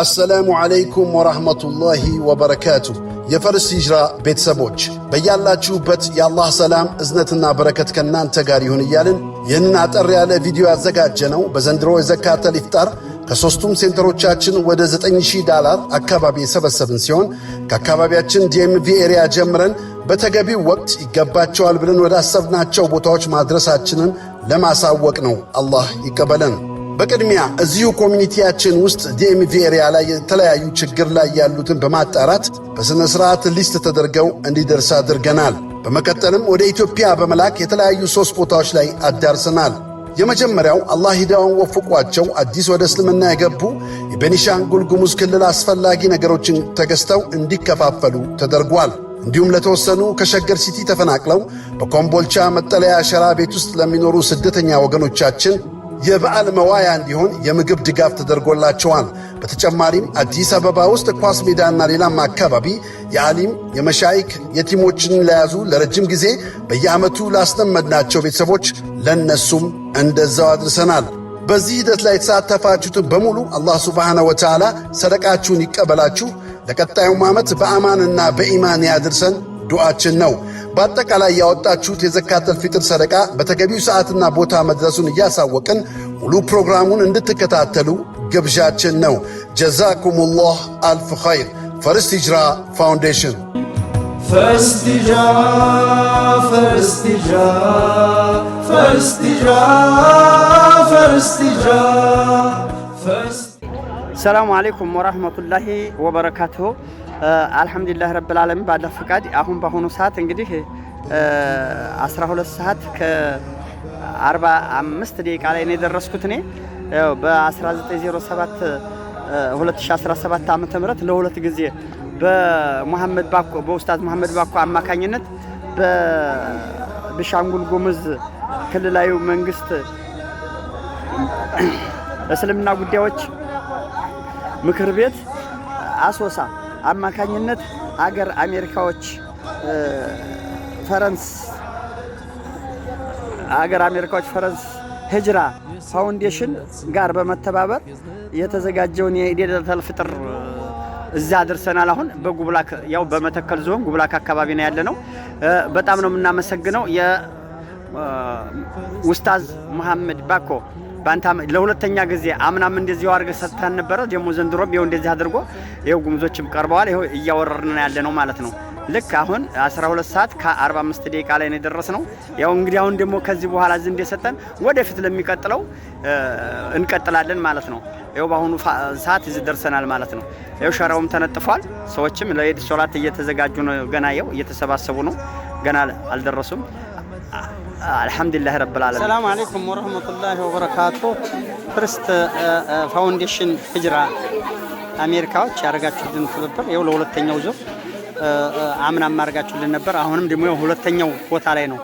አሰላሙ ዓለይኩም ወራህመቱላሂ ወበረካቱ። የፈርስ ሂጅራ ቤተሰቦች በያላችሁበት የአላህ ሰላም እዝነትና በረከት ከእናንተ ጋር ይሁን እያልን ይህንን አጠር ያለ ቪዲዮ ያዘጋጀ ነው በዘንድሮ የዘካተል ኢፍጣር ከሦስቱም ሴንተሮቻችን ወደ 9000 ዳላር አካባቢ የሰበሰብን ሲሆን ከአካባቢያችን ዲኤምቪ ኤሪያ ጀምረን በተገቢው ወቅት ይገባቸዋል ብለን ወዳሰብናቸው ቦታዎች ማድረሳችንን ለማሳወቅ ነው። አላህ ይቀበለን። በቅድሚያ እዚሁ ኮሚኒቲያችን ውስጥ ዲኤምቪ ኤሪያ ላይ የተለያዩ ችግር ላይ ያሉትን በማጣራት በሥነ ሥርዓት ሊስት ተደርገው እንዲደርስ አድርገናል። በመቀጠልም ወደ ኢትዮጵያ በመላክ የተለያዩ ሦስት ቦታዎች ላይ አዳርሰናል። የመጀመሪያው አላህ ሂዳውን ወፍቋቸው አዲስ ወደ እስልምና የገቡ የቤኒሻንጉል ጉሙዝ ክልል አስፈላጊ ነገሮችን ተገዝተው እንዲከፋፈሉ ተደርጓል። እንዲሁም ለተወሰኑ ከሸገር ሲቲ ተፈናቅለው በኮምቦልቻ መጠለያ ሸራ ቤት ውስጥ ለሚኖሩ ስደተኛ ወገኖቻችን የበዓል መዋያ እንዲሆን የምግብ ድጋፍ ተደርጎላቸዋል። በተጨማሪም አዲስ አበባ ውስጥ ኳስ ሜዳና ሌላም አካባቢ የአሊም የመሻይክ የቲሞችን ለያዙ ለረጅም ጊዜ በየዓመቱ ላስለመድናቸው ቤተሰቦች ለነሱም እንደዛው አድርሰናል። በዚህ ሂደት ላይ የተሳተፋችሁትን በሙሉ አላህ ሱብሓነሁ ወተዓላ ሰደቃችሁን ይቀበላችሁ፣ ለቀጣዩም ዓመት በአማንና በኢማን ያድርሰን ዱዓችን ነው። በአጠቃላይ ያወጣችሁት የዘካተል ፊጥር ሰደቃ በተገቢው ሰዓትና ቦታ መድረሱን እያሳወቅን ሙሉ ፕሮግራሙን እንድትከታተሉ ግብዣችን ነው። ጀዛኩሙላህ አልፍ ኸይር። ፈርስት ሂጅራ ፋውንዴሽን ሰላሙ አለይኩም ወራህመቱላሂ ወበረካቱሁ። አልሐምዱሊላህ ረብል ዓለሚን ባለ ፈቃድ አሁን በአሁኑ ሰዓት እንግዲህ 12 ሰዓት ከ45 ደቂቃ ላይ ነው የደረስኩት እኔ በ1907 2017 ዓ.ም ለሁለት ጊዜ በሙሐመድ ባኮ በኡስታዝ መሐመድ ባኮ አማካኝነት በቤኒሻንጉል ጉሙዝ ክልላዊ መንግስት እስልምና ጉዳዮች ምክር ቤት አሶሳ አማካኝነት አገር አሜሪካዎች ፈረንስ አገር አሜሪካዎች ፈረንስ ህጅራ ፋውንዴሽን ጋር በመተባበር የተዘጋጀውን የኢዴደተል ፍጥር እዛ አድርሰናል። አሁን በጉብላክ ያው በመተከል ዞን ጉብላክ አካባቢ ነው ያለ ነው። በጣም ነው የምናመሰግነው ውስታዝ መሐመድ ባኮ በአንተ ለሁለተኛ ጊዜ አምናም እንደዚህ አድርገህ ሰጥተን ነበረ። ደግሞ ዘንድሮም ይኸው እንደዚህ አድርጎ ይኸው ጉምዞችም ቀርበዋል። ይኸው እያወረርን ያለ ነው ማለት ነው። ልክ አሁን 12 ሰዓት ከ45 ደቂቃ ላይ ነው የደረስነው። ያው እንግዲህ አሁን ደግሞ ከዚህ በኋላ እዚህ እንደሰጠን ወደፊት ለሚቀጥለው እንቀጥላለን ማለት ነው። ያው በአሁኑ ሰዓት እዚህ ደርሰናል ማለት ነው። ያው ሸራውም ተነጥፏል። ሰዎችም ለኢድ ሶላት እየተዘጋጁ ነው። ገና ያው እየተሰባሰቡ ነው። ገና አልደረሱም። አልሐምዱሊላህ ረብል ዓለሚን። ሰላም አለይኩም ወረህመቱላሂ ወበረካቱ። ፍርስት ፋውንዴሽን ሂጅራ አሜሪካዎች ያደረጋችሁልን ትብብር ይኸው ለሁለተኛው ዙር አምናም አድርጋችሁልን ነበር። አሁንም ደግሞ ሁለተኛው ቦታ ላይ ነው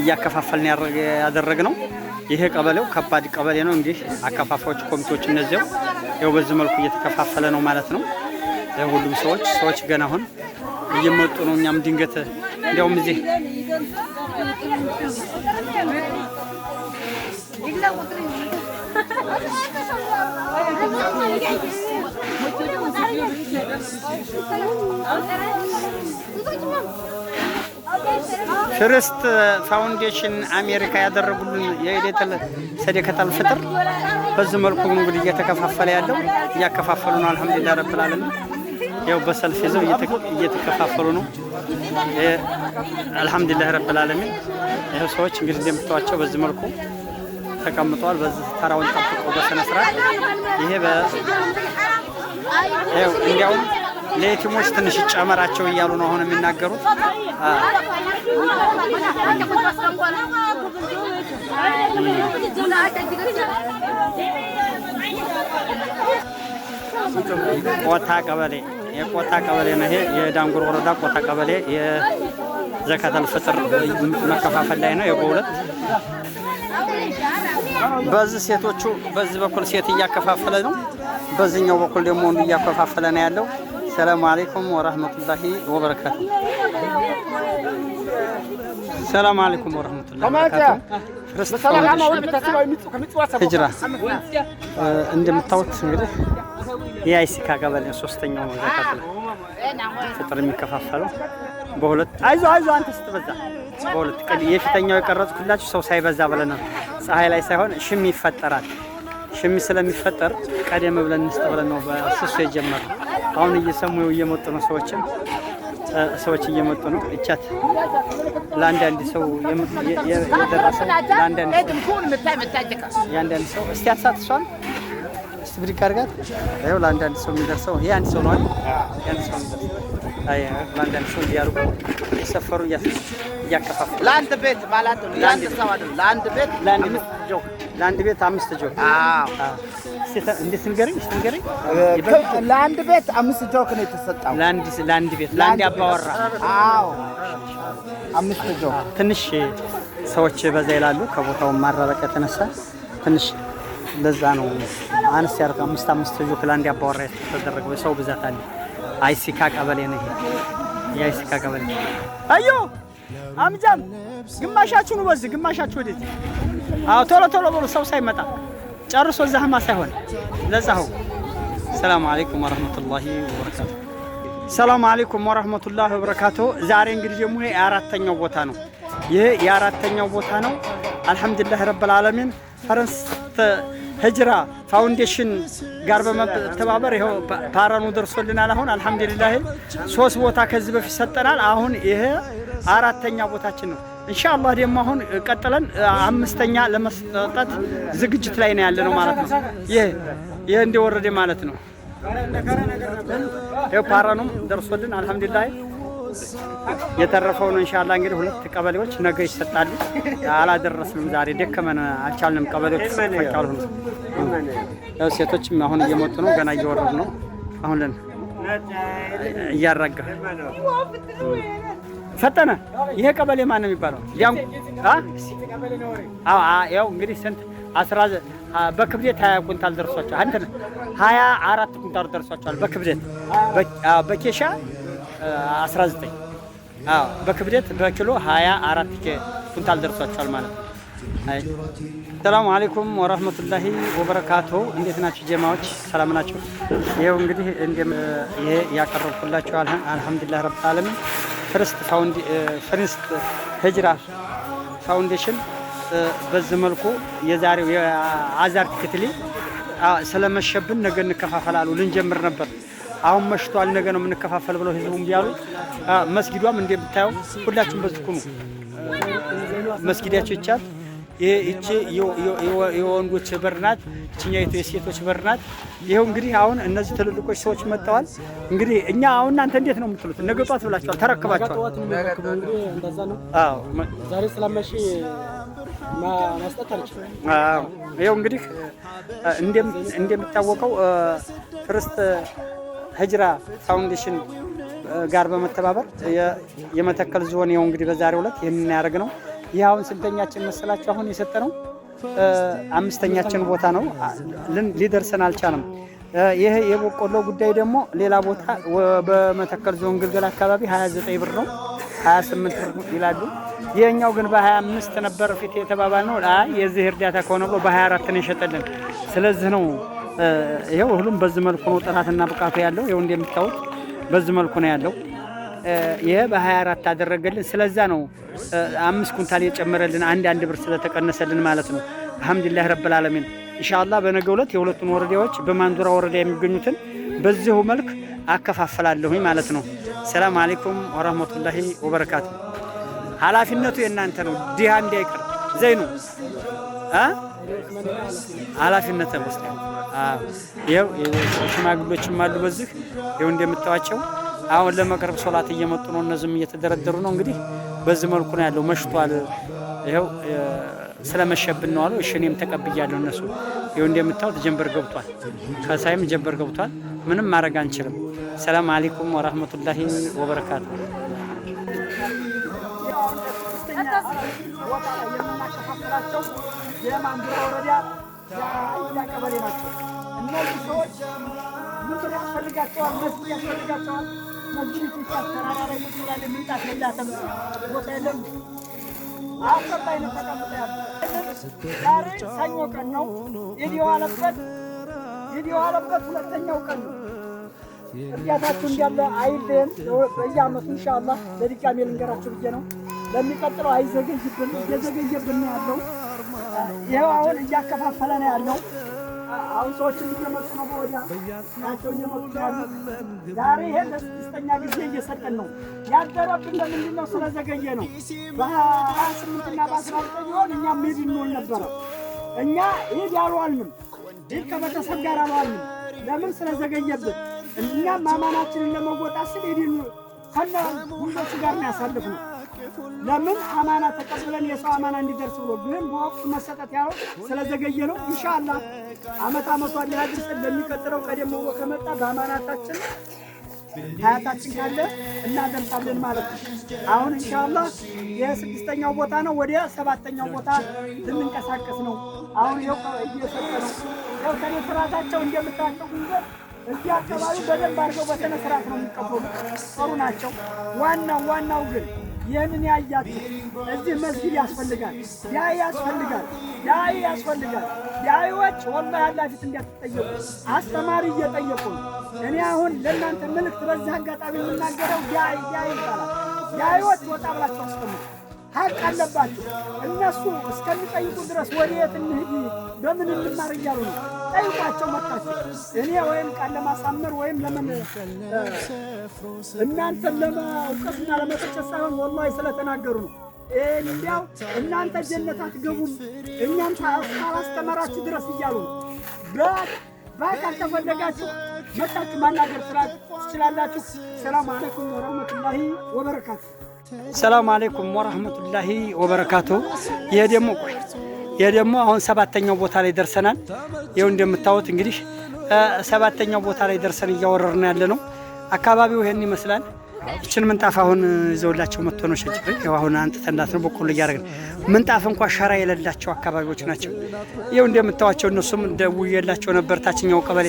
እያከፋፈልን ያደረግነው። ይሄ ቀበሌው ከባድ ቀበሌ ነው። እንግዲህ አከፋፋዮች፣ ኮሚቴዎች እነዚያው ያው በዚህ መልኩ እየተከፋፈለ ነው ማለት ነው። ሁሉም ሰዎች ሰዎች ገና አሁን እየመጡ ነው። እኛም ድንገት እንዲያውም እዚህ ፍርስት ፋውንዴሽን አሜሪካ ያደረጉልን የኢድ ሰደቀተል ፍጥር በዚህ መልኩ እንግዲህ እየተከፋፈለ ያለው እያከፋፈሉ ነው። አልሐምዱሊላህ ረብል ዓለሚን ያው በሰልፍ ይዘው እየተከፋፈሉ ነው። አልሐምዱሊላህ ረብል ዓለሚን። ይህ ሰዎች እንግዲህ እንደምታዋቸው በዚህ መልኩ ተቀምጠዋል። በዚህ ተራውን ጠብቆ በስነ ስርዓት ይሄ እንዲያውም ለየቲሞች ትንሽ ጨመራቸው እያሉ ነው አሁን የሚናገሩት። ቆታ ቀበሌ የቆታ ቀበሌ ነው። ይሄ የዳንጉር ወረዳ ቆታ ቀበሌ የዘካተል ፍጥር መከፋፈል ላይ ነው። የጎሁለት በዚህ ሴቶቹ በዚህ በኩል ሴት እያከፋፈለ ነው። በዚህኛው በኩል ደግሞ ወንዱ እያከፋፈለ ነው ያለው። ሰላም አለይኩም ወራህመቱላሂ ወበረካቱ። ሰላም አለይኩም ወራህመቱላሂ ወበረካቱ። ክርስቶስ እንደምታዩት እንግዲህ የአይሲካ ቀበሌ ሶስተኛው ዘካት ፍጥር የሚከፋፈለው በሁለት አይዞ አይዞ አንተ ስትበዛ በሁለት ቀን የፊተኛው የቀረጽኩላችሁ ሰው ሳይበዛ ብለን ነው። ፀሐይ ላይ ሳይሆን ሽሚ ይፈጠራል። ሽሚ ስለሚፈጠር ቀደም ብለን እንስጥ ብለን ነው በስሱ የጀመረው። አሁን እየሰሙ እየመጡ ነው ሰዎችም ሰዎች እየመጡ ነው። እቻት ለአንዳንድ ሰው የደረሰው ለአንዳንድ ሰው የአንዳንድ ሰው እስቲ አሳትሷል ብድግ አድርጋት። ይኸው ለአንዳንድ ሰው የሚደርሰው ይሄ አንድ ሰው ነው አንድ ሰው ለአንዳንድ ሰው እንዲያርጉ የሰፈሩ እያከፋፈሉ ለአንድ ቤት ለአንድ ቤት አምስት ጆክ። እንዴት ለአንድ ቤት አምስት ጆክ ነው የተሰጠው። ለአንድ ቤት ለአንድ አባወራ አምስት ጆክ። ትንሽ ሰዎች በዛ ይላሉ። ከቦታው ማራረቅ የተነሳ ትንሽ ለዛ ነው አንስ ያደርግ አምስት አምስት ልጆች ለአንድ አባወራ የተደረገው የሰው ብዛት አለ። አይሲካ ቀበሌ ነው ይሄ የአይሲካ ቀበሌ አዮ አምጃም ግማሻችሁን በዚህ ግማሻችሁ ወዴት? አዎ ቶሎ ቶሎ በሉ ሰው ሳይመጣ ጨርሶ ዛህማ ሳይሆን ለዛው። ሰላም አለይኩም ወራህመቱላሂ ወበረካቱ። ሰላም አለይኩም ወራህመቱላሂ ወበረካቱ። ዛሬ እንግዲህ ደግሞ ይሄ የአራተኛው ቦታ ነው። ይሄ የአራተኛው ቦታ ነው። አልሐምዱሊላህ ረብል ዓለሚን ፈረንስ ህጅራ ፋውንዴሽን ጋር በመተባበር ይኸው ፓረኑ ደርሶልናል። አሁን አልሐምዱሊላህ ሶስት ቦታ ከዚህ በፊት ሰጠናል። አሁን ይሄ አራተኛ ቦታችን ነው። ኢንሻአላህ ደግሞ አሁን ቀጥለን አምስተኛ ለመስጠት ዝግጅት ላይ ነው ያለ ነው ማለት ነው። ይህ ይሄ እንደወረደ ማለት ነው። ይኸው ደርሶልን አልሐምዱሊላህ የተረፈውን እንሻላ እንግዲህ ሁለት ቀበሌዎች ነገ ይሰጣሉ። አላደረስንም፣ ዛሬ ደከመን፣ አልቻልንም። ቀበሌዎች ፈቅ ሴቶችም አሁን እየመጡ ነው፣ ገና እየወረዱ ነው። አሁን ለን እያራጋ ፈጠነ። ይሄ ቀበሌ ማን ነው የሚባለው? ያው እንግዲህ ስንት አስራ በክብደት ሀያ ኩንታል ደርሷቸዋል። ሀያ አራት ኩንታል ደርሷቸዋል በክብደት በኬሻ 19 አዎ በክብደት በኪሎ 24 ኩንታል ደርሷቸዋል ማለት ነው። ሰላሙ አሌይኩም ወረህመቱላሂ ወበረካቱ። እንዴት ናቸው ጀማዎች? ሰላም ናቸው። ይኸው እንግዲህ ይሄ ያቀረብኩላቸው አልሐምዱሊላህ ረብ ዓለሚን ፍርስት ህጅራ ፋውንዴሽን በዚህ መልኩ የዛሬው የአዛር ክትሌ ስለመሸብን ነገ እንከፋፈላሉ ልንጀምር ነበር አሁን መሽቷል፣ ነገ ነው የምንከፋፈል ብለው ህዝቡም ቢያሉ መስጊዷም እንደምታየው ሁላችን በዝኩ ነው መስጊዳቸው ይቻል ይቺ የወንዶች በር ናት፣ ይችኛይቱ የሴቶች በር ናት። ይኸው እንግዲህ አሁን እነዚህ ትልልቆች ሰዎች መጥተዋል። እንግዲህ እኛ አሁን እናንተ እንዴት ነው የምትሉት? ነገ ጧት ብላችኋል፣ ተረክባችኋል። ይኸው እንግዲህ እንደሚታወቀው ክርስት ህጅራ ፋውንዴሽን ጋር በመተባበር የመተከል ዞን ይኸው እንግዲህ በዛሬው ዕለት የምናያደርግ ነው። ይህ አሁን ስንተኛችን መሰላችሁ? አሁን የሰጠ ነው አምስተኛችን ቦታ ነው። ሊደርሰን አልቻለም። ይህ የበቆሎ ጉዳይ ደግሞ ሌላ ቦታ በመተከል ዞን ግልገል አካባቢ 29 ብር ነው 28 ብር ይላሉ። ይህኛው ግን በ25 ነበር ፊት የተባባል ነው የዚህ እርዳታ ከሆነ ብሎ በ24 ነው የሸጠልን። ስለዚህ ነው ይኸው ሁሉም በዚህ መልኩ ነው ጥራትና ብቃቱ ያለው። ይኸው እንደምታዩት በዚህ መልኩ ነው ያለው። ይሄ በ24 አደረገልን። ስለዛ ነው አምስት ኩንታል የጨመረልን አንድ አንድ ብር ስለተቀነሰልን ማለት ነው። አልሐምዱሊላህ ረብል ዓለሚን። ኢንሻአላህ በነገው ዕለት የሁለቱን ወረዳዎች በማንዱራ ወረዳ የሚገኙትን በዚሁ መልክ አከፋፈላለሁኝ ማለት ነው። ሰላም አለይኩም ወራህመቱላሂ ወበረካቱ። ኃላፊነቱ የእናንተ ነው። ዲሃ እንዳይቀር ዘይኑ ኃላፊነት ተመስለ ይኸው ሽማግሎችም አሉ። በዚህ ይኸው እንደምታዋቸው አሁን ለመቅረብ ሶላት እየመጡ ነው። እነዚህም እየተደረደሩ ነው። እንግዲህ በዚህ መልኩ ነው ያለው። መሽቷል። ይኸው ስለመሸብን ነው አለው። እሺ እኔም ተቀብያለሁ። እነሱ ይኸው እንደምታዩት ጀንበር ገብቷል። ከሳይም ጀንበር ገብቷል። ምንም ማድረግ አንችልም። ሰላም አለይኩም ወራህመቱላሂ ወበረካቱ። የማንዱራ ወረዳ የአራያ ቀበሌ ናቸው። እነዚህ ሰዎች ምክር ያስፈልጋቸዋል፣ መስጊድ ያስፈልጋቸዋል። መስጊድ ኢትዮጵያ ተራራ ላይ ይችላል። ምንጣፍ የላትም፣ ቦታ የለም። አሰብ ነው ተቀምጠ ያለ። ዛሬ ሰኞ ቀን ነው። ኢድ የዋለበት ኢድ የዋለበት ሁለተኛው ቀን ነው። እርዳታችሁ እንዳለ አይልን በየአመቱ ኢንሻአላህ በድጋሜ ልንገራችሁ ብዬ ነው። ለሚቀጥለው አይዘገይብን፣ እየዘገየብን ነው ያለው ይኸው አሁን እያከፋፈለ ነው ያለው። አሁን ሰዎችን እየመጡ ነው፣ በወዲያ ናቸው እየመጡ ያሉ። ዛሬ ይሄ ለስድስተኛ ጊዜ እየሰጠን ነው። ያደረብን ለምንድን ነው? ስለዘገየ ነው። በሀያ ስምንትና በአስራ ዘጠኝ ቢሆን እኛ ሚድ እንሆን ነበረ። እኛ ይህ ያልዋልንም ይህ ከቤተሰብ ጋር አልዋልንም። ለምን? ስለዘገየብን። እኛም ማማናችንን ለመወጣት ስል ይህ ከነ ጉንዶቹ ጋር ነው ያሳልፍ ነው ለምን አማና ተቀብለን የሰው አማና እንዲደርስ ብሎ ግን በወቅቱ መሰጠት ያው ስለዘገየ ነው። ኢንሻአላ አመት አመቷ ሊሀዲስ እንደሚቀጥለው ቀደም ብሎ ከመጣ በአማናታችን ሀያታችን ካለ እናደርሳለን ማለት ነው። አሁን ኢንሻአላ የስድስተኛው ቦታ ነው፣ ወደ ሰባተኛው ቦታ ልንንቀሳቀስ ነው። አሁን ይኸው እየሰጠ ነው። ያው ከኔ ስራታቸው እንደምታቸው እዚህ አካባቢ በደንብ አድርገው በስነ ስርዓት ነው የሚቀበሉ ጥሩ ናቸው። ዋናው ዋናው ግን ይህንን ያያት እዚህ መስጊድ ያስፈልጋል፣ ያ ያስፈልጋል፣ ያ ያስፈልጋል። ዳይዎች ወላሂ አላህ ፊት እንዳትጠየቁ አስተማሪ እየጠየቁ እኔ አሁን ለእናንተ መልእክት በዚህ አጋጣሚ የምናገረው ያ ያ ይባላል። ዳይዎች ወጣ ብላችሁ አስቀምጡ። ሀቅ አለባችሁ። እነሱ እስከሚጠይቁ ድረስ ወደ የት እንሂድ፣ በምን እንማር እያሉ ነው ጠይቋቸው መጣችሁ። እኔ ወይም ቃል ለማሳመር ወይም ለምን እናንተን ለማውቀስና ለመተቸት ሳይሆን ወላሂ ስለተናገሩ ነው። እንዲያው እናንተ ጀነት አትገቡም እኛም ካላስተመራችሁ ድረስ እያሉ ነው። በአካል መጣችሁ ማናገር ትችላላችሁ። ሰላም አለይኩም ወረህመቱላሂ ወበረካቱ። ሰላም አለይኩም ወረህመቱላሂ ወበረካቱ። ይሄ ደግሞ ቆይ ይህ ደግሞ አሁን ሰባተኛው ቦታ ላይ ደርሰናል። ይኸው እንደምታዩት እንግዲህ ሰባተኛው ቦታ ላይ ደርሰን እያወረርን ያለ ነው። አካባቢው ይህን ይመስላል። ይችን ምንጣፍ አሁን ይዘውላቸው መጥቶ ነው ሸጭር። ይኸው አሁን አንጥተናት ነው በቆሎ እያደረግን ምንጣፍ እንኳ ሸራ የሌላቸው አካባቢዎች ናቸው። ይኸው እንደምታዋቸው እነሱም ደውዬላቸው ነበር ታችኛው ቀበሌ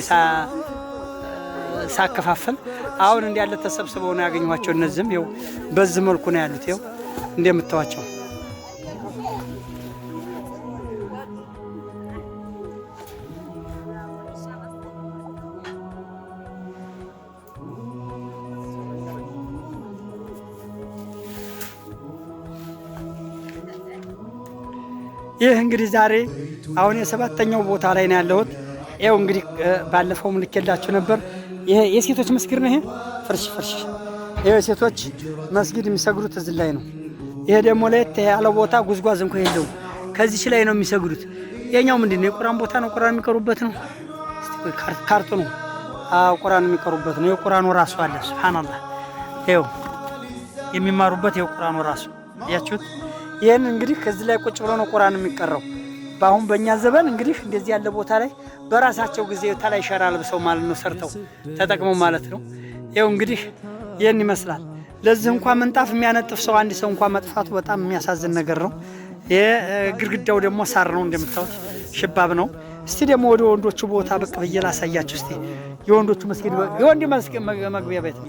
ሳከፋፈል አሁን እንዲያለ ተሰብስበው ነው ያገኘኋቸው። እነዚህም ይኸው በዚህ መልኩ ነው ያሉት። ይኸው እንደምታዋቸው ይህ እንግዲህ ዛሬ አሁን የሰባተኛው ቦታ ላይ ነው ያለሁት። ይኸው እንግዲህ ባለፈው ልኬላችሁ ነበር። ይሄ የሴቶች መስጊድ ነው። ይሄ ፍርሽ ፍርሽ፣ ይሄ የሴቶች መስጊድ የሚሰግዱት እዚህ ላይ ነው። ይሄ ደግሞ ለየት ያለው ቦታ ጉዝጓዝ እንኳ የለውም። ከዚች ላይ ነው የሚሰግዱት። የኛው ምንድን ነው? የቁራን ቦታ ነው። ቁራን የሚቀሩበት ነው። ካርጡ ነው። ቁራን የሚቀሩበት ነው። የቁራኑ ራሱ አለ። ሱብሃነላህ፣ ይኸው የሚማሩበት የቁራኑ ራሱ እያችሁት። ይህን እንግዲህ ከዚህ ላይ ቁጭ ብሎ ነው ቁርአን የሚቀረው። በአሁን በእኛ ዘመን እንግዲህ እንደዚህ ያለ ቦታ ላይ በራሳቸው ጊዜ ተላይ ሸራ ልብሰው ማለት ነው ሰርተው ተጠቅመው ማለት ነው። ይኸው እንግዲህ ይህን ይመስላል። ለዚህ እንኳ ምንጣፍ የሚያነጥፍ ሰው አንድ ሰው እንኳ መጥፋቱ በጣም የሚያሳዝን ነገር ነው። ግድግዳው ደግሞ ሳር ነው እንደምታዩት፣ ሽባብ ነው። እስቲ ደግሞ ወደ ወንዶቹ ቦታ ብቅ ብዬ ላሳያችሁ። እስቲ የወንዶቹ መስጊድ የወንድ መስጊድ መግቢያ ቤት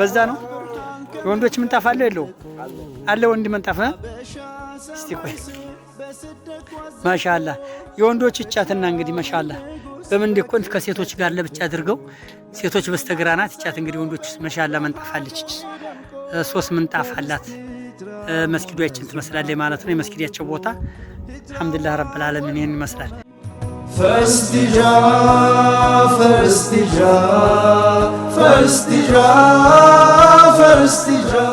በዛ ነው። የወንዶች ምንጣፍ አለው የለው አለ ወንድ ምንጣፍ እስቲ ቆይ ማሻላ የወንዶች እጫትና እንግዲህ መሻላ በምን እንዲኮን ከሴቶች ጋር ለብቻ አድርገው ሴቶች በስተግራ ናት እጫት እንግዲህ ወንዶች ማሻላ ምንጣፍ አለች ሶስት ምንጣፍ አላት መስጊዷችን ትመስላለች ማለት ነው የመስጊዳቸው ቦታ አልሐምዱሊላህ ረብል ዓለሚን ይህን ይመስላል ፈስቲጃ ፈስቲጃ فاستجا فاستجا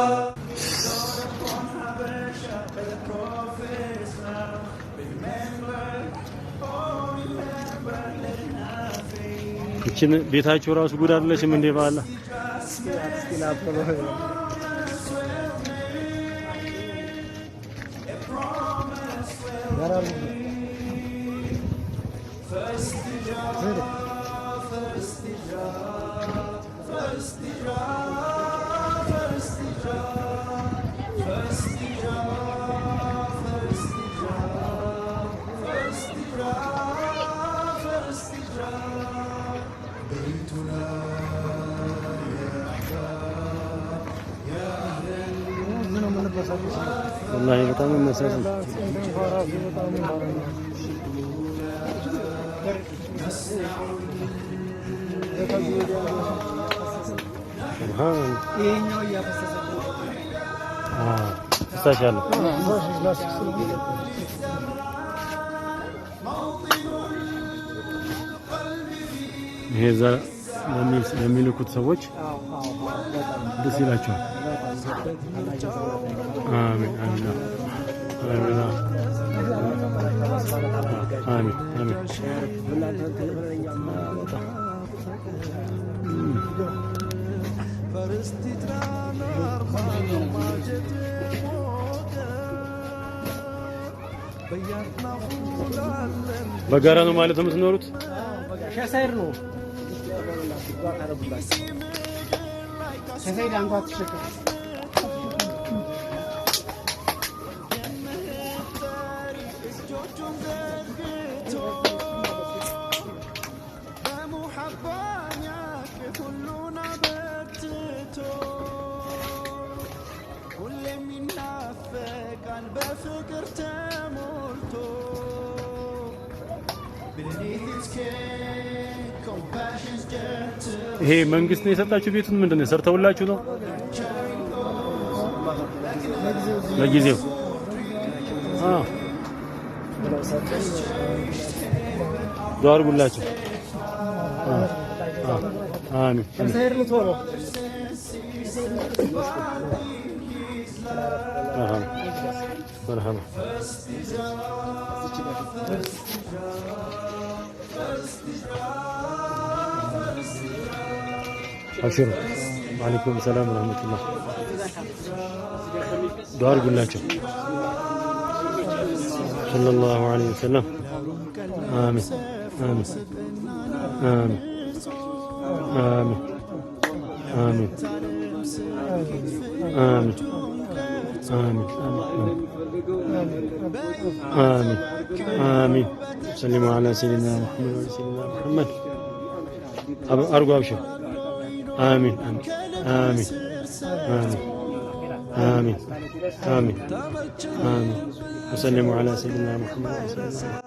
ይችን ቤታቸው ራሱ ጉድ አይደለችም እንዴ? ባላ First والله በጣም የሚያሳዝን ነው። ይሄኛው እያፈሰሰ ትሳሻለህ። ይሄ እዛ ለሚልኩት ሰዎች ደስ ይላቸዋል። አሜን አሜን አሜን አሜን። በጋራ ነው ማለት ነው የምትኖሩት? ሸሳይር ነው። ሸሳይር አንኳ ትሸከም በፍቅር ተሞልቶ ይሄ መንግስት ነው የሰጣችሁ ቤቱን? ምንድን ነው ሰርተውላችሁ ነው? ለጊዜው ዱአ አድርጉላችሁ። አሜን። Merhaba. Açıyorum. Aleyküm selam ve rahmetullah. Dar güller çok. Sallallahu aleyhi ve sellem. Amin. Amin. Amin. Amin. Amin. Amin. Amin. Amin. Amin. آمين آمين سلموا على سيدنا محمد وعلى سيدنا محمد أرجو أبشر آمين آمين آمين آمين آمين آمين آمين وسلموا على سيدنا محمد وعلى سيدنا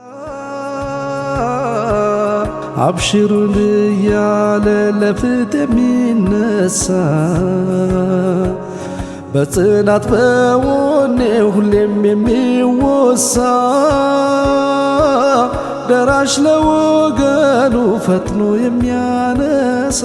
أبشر لي على لفت من السَّاعَةِ በጽናት በወኔ ሁሌም የሚወሳ ደራሽ ለወገኑ ፈጥኖ የሚያነሳ